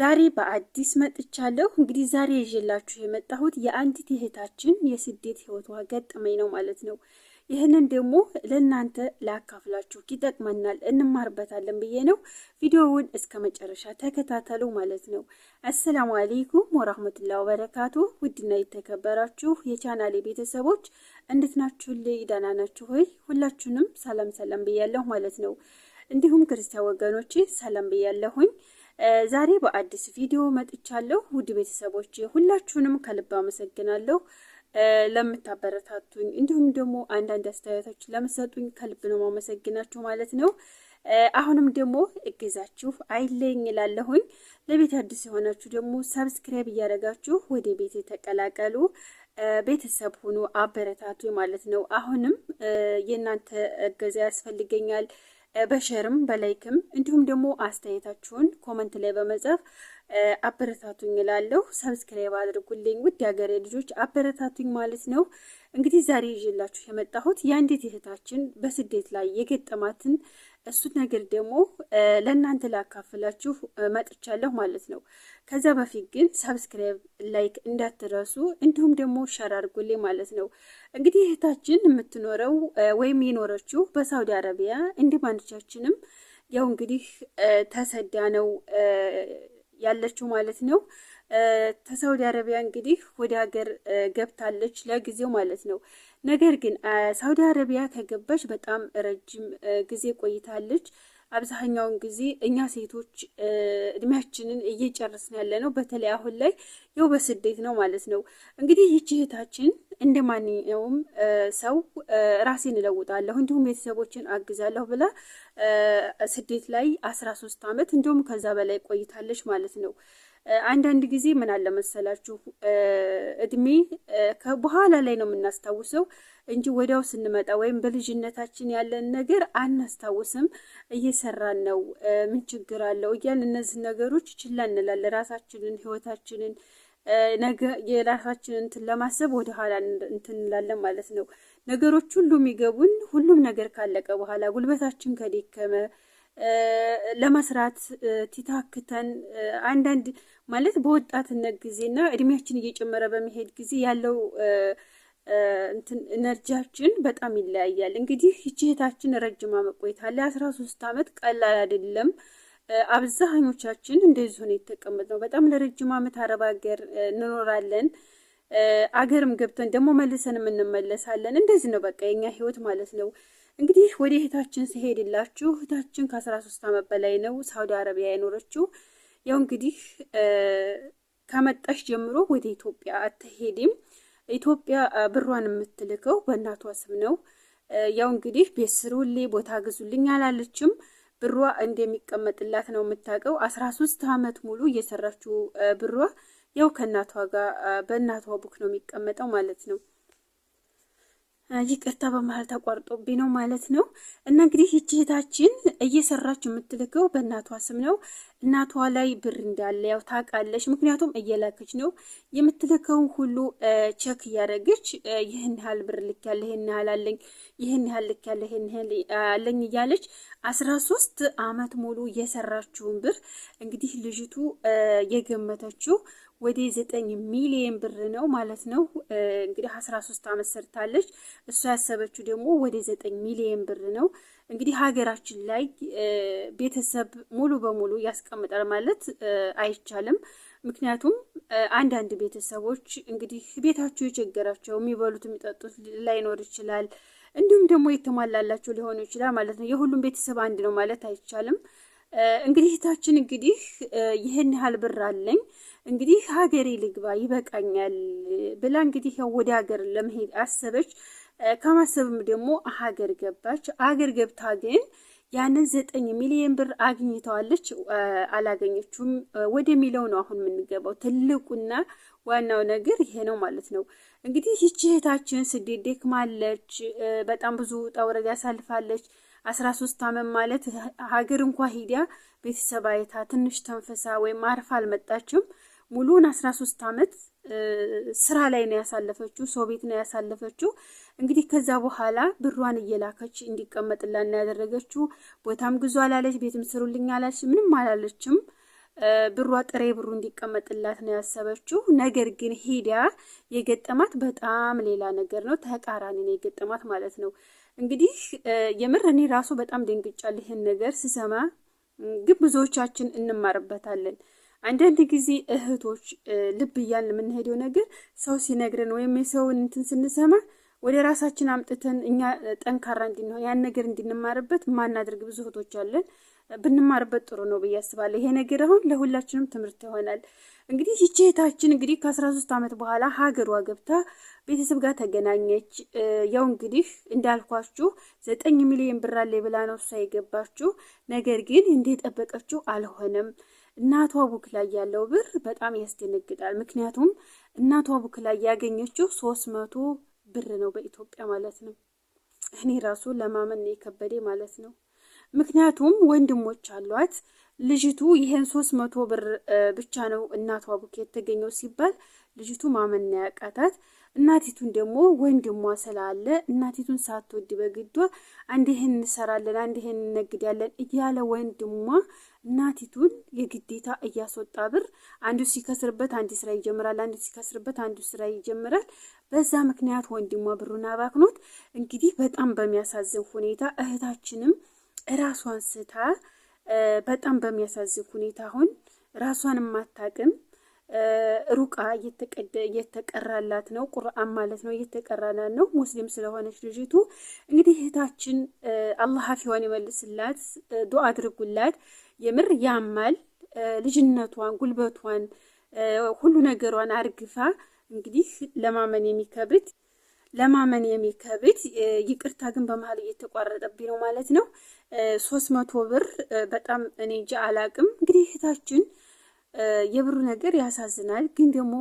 ዛሬ በአዲስ መጥቻለሁ። እንግዲህ ዛሬ ይዤላችሁ የመጣሁት የአንዲት እህታችን የስደት ህይወቷ ገጠመኝ ነው ማለት ነው። ይህንን ደግሞ ለእናንተ ላካፍላችሁ፣ ይጠቅመናል፣ እንማርበታለን ብዬ ነው። ቪዲዮውን እስከ መጨረሻ ተከታተሉ ማለት ነው። አሰላሙ አሌይኩም ወራህመቱላ ወበረካቱ። ውድና የተከበራችሁ የቻናሌ ቤተሰቦች እንዴት ናችሁ? ደህና ናችሁ ሆይ? ሁላችሁንም ሰላም ሰላም ብያለሁ ማለት ነው። እንዲሁም ክርስቲያን ወገኖቼ ሰላም ብያለሁኝ። ዛሬ በአዲስ ቪዲዮ መጥቻለሁ። ውድ ቤተሰቦች ሁላችሁንም ከልብ አመሰግናለሁ። ለምታበረታቱኝ እንዲሁም ደግሞ አንዳንድ አስተያየቶች ለምሰጡኝ ከልብ ነው ማመሰግናችሁ ማለት ነው። አሁንም ደግሞ እገዛችሁ አይለኝ እላለሁኝ። ለቤት አዲስ የሆናችሁ ደግሞ ሰብስክራይብ እያደረጋችሁ ወደ ቤት የተቀላቀሉ ቤተሰብ ሁኑ፣ አበረታቱ ማለት ነው። አሁንም የእናንተ እገዛ ያስፈልገኛል። በሸርም በላይክም እንዲሁም ደግሞ አስተያየታችሁን ኮመንት ላይ በመጻፍ አበረታቱኝ እላለሁ። ሰብስክራይብ አድርጉልኝ ውድ ሀገሬ ልጆች አበረታቱኝ ማለት ነው። እንግዲህ ዛሬ ይዤላችሁ የመጣሁት የአንዲት እህታችን በስደት ላይ የገጠማትን እሱን ነገር ደግሞ ለእናንተ ላካፍላችሁ መጥቻለሁ ማለት ነው። ከዛ በፊት ግን ሰብስክራይብ፣ ላይክ እንዳትረሱ እንዲሁም ደግሞ ሸር አድርጉልኝ ማለት ነው። እንግዲህ እህታችን የምትኖረው ወይም የኖረችው በሳውዲ አረቢያ እንደ ማንቻችንም ያው እንግዲህ ተሰዳ ነው ያለችው ማለት ነው። ተሳውዲ አረቢያ እንግዲህ ወደ ሀገር ገብታለች ለጊዜው ማለት ነው። ነገር ግን ሳውዲ አረቢያ ከገባች በጣም ረጅም ጊዜ ቆይታለች። አብዛኛውን ጊዜ እኛ ሴቶች እድሜያችንን እየጨረስን ያለ ነው። በተለይ አሁን ላይ ያው በስደት ነው ማለት ነው። እንግዲህ ይቺ እህታችን እንደ ማንኛውም ሰው ራሴን እለውጣለሁ እንዲሁም ቤተሰቦችን አግዛለሁ ብላ ስደት ላይ አስራ ሶስት አመት እንዲሁም ከዛ በላይ ቆይታለች ማለት ነው። አንዳንድ ጊዜ ምን አለ መሰላችሁ እድሜ ከበኋላ ላይ ነው የምናስታውሰው እንጂ ወዲያው ስንመጣ ወይም በልጅነታችን ያለን ነገር አናስታውስም። እየሰራን ነው፣ ምን ችግር አለው እያልን እነዚህ ነገሮች ችላ እንላለን። ራሳችንን ህይወታችንን ነገ የራሳችንን እንትን ለማሰብ ወደ ኋላ እንትን እንላለን ማለት ነው። ነገሮች ሁሉ የሚገቡን ሁሉም ነገር ካለቀ በኋላ ጉልበታችን ከደከመ ለመስራት ቲታክተን አንዳንድ ማለት በወጣትነት ጊዜና እድሜያችን እየጨመረ በመሄድ ጊዜ ያለው ኤነርጂያችን በጣም ይለያያል። እንግዲህ ይችህታችን ረጅም ዓመት ቆይታ አስራ ሶስት አመት ቀላል አይደለም። አብዛኞቻችን እንደዚ ሆነ የተቀመጥ ነው። በጣም ለረጅም አመት አረብ ሀገር እንኖራለን። አገርም ገብተን ደግሞ መልሰን የምንመለሳለን። እንደዚህ ነው በቃ የኛ ህይወት ማለት ነው። እንግዲህ ወደ እህታችን ሲሄድላችሁ እህታችን ከአስራ ሶስት ዓመት በላይ ነው ሳውዲ አረቢያ የኖረችው። ያው እንግዲህ ከመጣሽ ጀምሮ ወደ ኢትዮጵያ አትሄድም። ኢትዮጵያ ብሯን የምትልከው በእናቷ ስም ነው። ያው እንግዲህ ቤት ቦታ ግዙልኝ አላለችም። ብሯ እንደሚቀመጥላት ነው የምታውቀው። አስራ ሶስት ዓመት ሙሉ እየሰራችው ብሯ ያው ከእናቷ ጋር በእናቷ ቡክ ነው የሚቀመጠው ማለት ነው። ይቅርታ በመሀል ተቋርጦብኝ ነው ማለት ነው። እና እንግዲህ ይቺ እህታችን እየሰራች የምትልከው በእናቷ ስም ነው። እናቷ ላይ ብር እንዳለ ያው ታውቃለች። ምክንያቱም እየላከች ነው የምትልከውን ሁሉ ቼክ እያደረገች ይህን ያህል ብር ልክ ያለ ይህን ያህል አለኝ፣ ይህን ያህል ልክ ያለ ይህን ያህል አለኝ እያለች አስራ ሶስት አመት ሙሉ የሰራችውን ብር እንግዲህ ልጅቱ የገመተችው ወደ ዘጠኝ ሚሊየን ብር ነው ማለት ነው። እንግዲህ አስራ ሶስት አመት ሰርታለች። እሷ ያሰበችው ደግሞ ወደ ዘጠኝ ሚሊየን ብር ነው። እንግዲህ ሀገራችን ላይ ቤተሰብ ሙሉ በሙሉ ያስቀምጣል ማለት አይቻልም። ምክንያቱም አንዳንድ ቤተሰቦች እንግዲህ ቤታቸው የቸገራቸው የሚበሉት የሚጠጡት ላይኖር ይችላል። እንዲሁም ደግሞ የተሟላላቸው ሊሆኑ ይችላል ማለት ነው። የሁሉም ቤተሰብ አንድ ነው ማለት አይቻልም። እንግዲህ እህታችን እንግዲህ ይህን ያህል ብር አለኝ እንግዲህ ሀገሬ ልግባ ይበቃኛል ብላ እንግዲህ ያው ወደ ሀገር ለመሄድ አሰበች። ከማሰብም ደግሞ ሀገር ገባች። ሀገር ገብታ ግን ያንን ዘጠኝ ሚሊዮን ብር አግኝተዋለች አላገኘችውም ወደሚለው ነው አሁን የምንገባው። ትልቁና ዋናው ነገር ይሄ ነው ማለት ነው። እንግዲህ ይቺ እህታችን ስደት ደክማለች። በጣም ብዙ ውጣ ውረድ ያሳልፋለች። አስራ ሶስት አመት ማለት ሀገር እንኳ ሂዲያ ቤተሰብ አይታ ትንሽ ተንፈሳ ወይም አርፋ አልመጣችም። ሙሉውን አስራ ሶስት አመት ስራ ላይ ነው ያሳለፈችው፣ ሰው ቤት ነው ያሳለፈችው። እንግዲህ ከዛ በኋላ ብሯን እየላከች እንዲቀመጥላና ያደረገችው ቦታም ግዙ አላለች፣ ቤትም ስሩልኝ አላለች፣ ምንም አላለችም። ብሯ ጥሬ ብሩ እንዲቀመጥላት ነው ያሰበችው። ነገር ግን ሄዳ የገጠማት በጣም ሌላ ነገር ነው። ተቃራኒ ነው የገጠማት ማለት ነው። እንግዲህ የምር እኔ ራሱ በጣም ደንግጫል ይህን ነገር ስሰማ። ግን ብዙዎቻችን እንማርበታለን። አንዳንድ ጊዜ እህቶች ልብ እያልን የምንሄደው ነገር ሰው ሲነግረን ወይም የሰውን እንትን ስንሰማ ወደ ራሳችን አምጥተን እኛ ጠንካራ እንድንሆን ያን ነገር እንድንማርበት ማናደርግ ብዙ እህቶች አለን። ብንማርበት ጥሩ ነው ብዬ አስባለሁ። ይሄ ነገር አሁን ለሁላችንም ትምህርት ይሆናል። እንግዲህ ይቺ እህታችን እንግዲህ ከአስራ ሶስት ዓመት በኋላ ሀገሯ ገብታ ቤተሰብ ጋር ተገናኘች። ያው እንግዲህ እንዳልኳችሁ ዘጠኝ ሚሊዮን ብር አለ ብላ ነው እሷ የገባችሁ። ነገር ግን እንደጠበቀችው አልሆነም። እናቷ ቡክ ላይ ያለው ብር በጣም ያስደነግጣል። ምክንያቱም እናቷ ቡክ ላይ ያገኘችው ሶስት መቶ ብር ነው በኢትዮጵያ ማለት ነው። እኔ ራሱ ለማመን የከበደ ማለት ነው። ምክንያቱም ወንድሞች አሏት። ልጅቱ ይህን ሶስት መቶ ብር ብቻ ነው እናቷ ቡኬ የተገኘው ሲባል ልጅቱ ማመን ያቃታት። እናቲቱን ደግሞ ወንድሟ ስላለ እናቲቱን ሳትወድ በግዷ አንድ ይህን እንሰራለን፣ አንድ ይህን እንነግዳለን እያለ ወንድሟ እናቲቱን የግዴታ እያስወጣ ብር አንዱ ሲከስርበት አንድ ስራ ይጀምራል፣ አንዱ ሲከስርበት አንዱ ስራ ይጀምራል። በዛ ምክንያት ወንድሟ ብሩን አባክኖት እንግዲህ በጣም በሚያሳዝን ሁኔታ እህታችንም ራሷን ስታ በጣም በሚያሳዝን ሁኔታ አሁን ራሷን የማታቅም ሩቃ እየተቀራላት ነው። ቁርአን ማለት ነው እየተቀራላት ነው። ሙስሊም ስለሆነች ልጅቱ እንግዲህ እህታችን አላህ አፊዋን ይመልስላት፣ ዱ አድርጉላት። የምር ያማል። ልጅነቷን፣ ጉልበቷን፣ ሁሉ ነገሯን አርግፋ እንግዲህ ለማመን የሚከብድ ለማመን የሚከብድ ይቅርታ ግን በመሀል እየተቋረጠብኝ ነው ማለት ነው። ሶስት መቶ ብር በጣም እኔ እንጂ አላቅም። እንግዲህ እህታችን የብሩ ነገር ያሳዝናል፣ ግን ደግሞ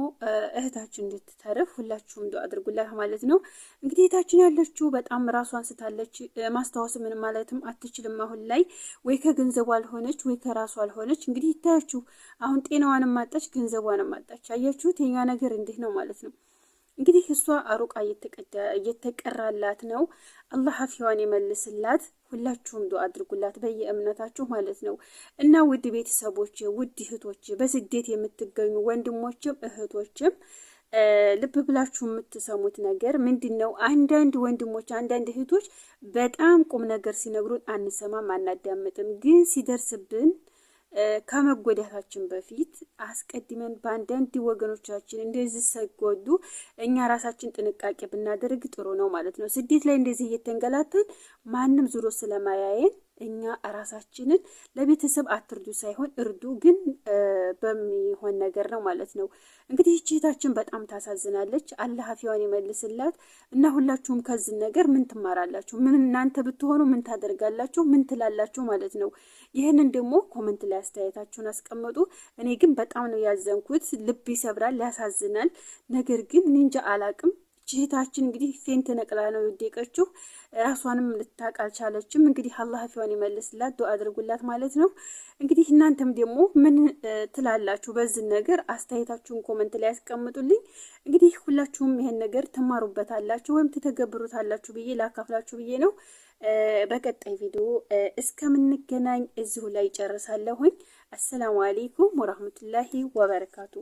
እህታችን እንድትተርፍ ሁላችሁም አድርጉላት ማለት ነው። እንግዲህ እህታችን ያለችው በጣም ራሷን ስታለች፣ ማስታወስ ምን ማለትም አትችልም። አሁን ላይ ወይ ከገንዘቡ አልሆነች ወይ ከራሷ አልሆነች። እንግዲህ ይታያችሁ፣ አሁን ጤናዋንም አጣች፣ ገንዘቧንም አጣች። አያችሁት? የኛ ነገር እንዲህ ነው ማለት ነው። እንግዲህ እሷ አሩቃ እየተቀራላት ነው። አላህ አፊዋን የመልስላት። ሁላችሁም ዱዓ አድርጉላት በየእምነታችሁ ማለት ነው። እና ውድ ቤተሰቦች፣ ውድ እህቶች፣ በስደት የምትገኙ ወንድሞችም እህቶችም ልብ ብላችሁ የምትሰሙት ነገር ምንድን ነው? አንዳንድ ወንድሞች፣ አንዳንድ እህቶች በጣም ቁም ነገር ሲነግሩን አንሰማም፣ አናዳምጥም። ግን ሲደርስብን ከመጎዳታችን በፊት አስቀድመን በአንዳንድ ወገኖቻችን እንደዚህ ሰጎዱ እኛ ራሳችን ጥንቃቄ ብናደርግ ጥሩ ነው ማለት ነው። ስደት ላይ እንደዚህ እየተንገላተን ማንም ዙሮ ስለማያየን እኛ ራሳችንን ለቤተሰብ አትርዱ ሳይሆን እርዱ፣ ግን በሚሆን ነገር ነው ማለት ነው። እንግዲህ እህታችን በጣም ታሳዝናለች። አላህ አፊዋን ይመልስላት እና ሁላችሁም ከዚህ ነገር ምን ትማራላችሁ? ምን እናንተ ብትሆኑ ምን ታደርጋላችሁ? ምን ትላላችሁ ማለት ነው። ይህንን ደግሞ ኮመንት ላይ አስተያየታችሁን አስቀምጡ። እኔ ግን በጣም ነው ያዘንኩት። ልብ ይሰብራል፣ ያሳዝናል። ነገር ግን እንጃ አላቅም እህታችን እንግዲህ ፌንት ነቅላ ነው የወደቀችው። ራሷንም ልታቃ አልቻለችም። እንግዲህ አላህ ፊዋን ይመልስላት፣ ዱአ አድርጉላት ማለት ነው። እንግዲህ እናንተም ደግሞ ምን ትላላችሁ? በዚህ ነገር አስተያየታችሁን ኮመንት ላይ ያስቀምጡልኝ። እንግዲህ ሁላችሁም ይሄን ነገር ትማሩበታላችሁ ወይም ትተገብሩታላችሁ ብዬ ላካፍላችሁ ብዬ ነው። በቀጣይ ቪዲዮ እስከምንገናኝ እዚሁ ላይ ጨርሳለሁኝ። አሰላሙ አሌይኩም ወራህመቱላሂ ወበረካቱ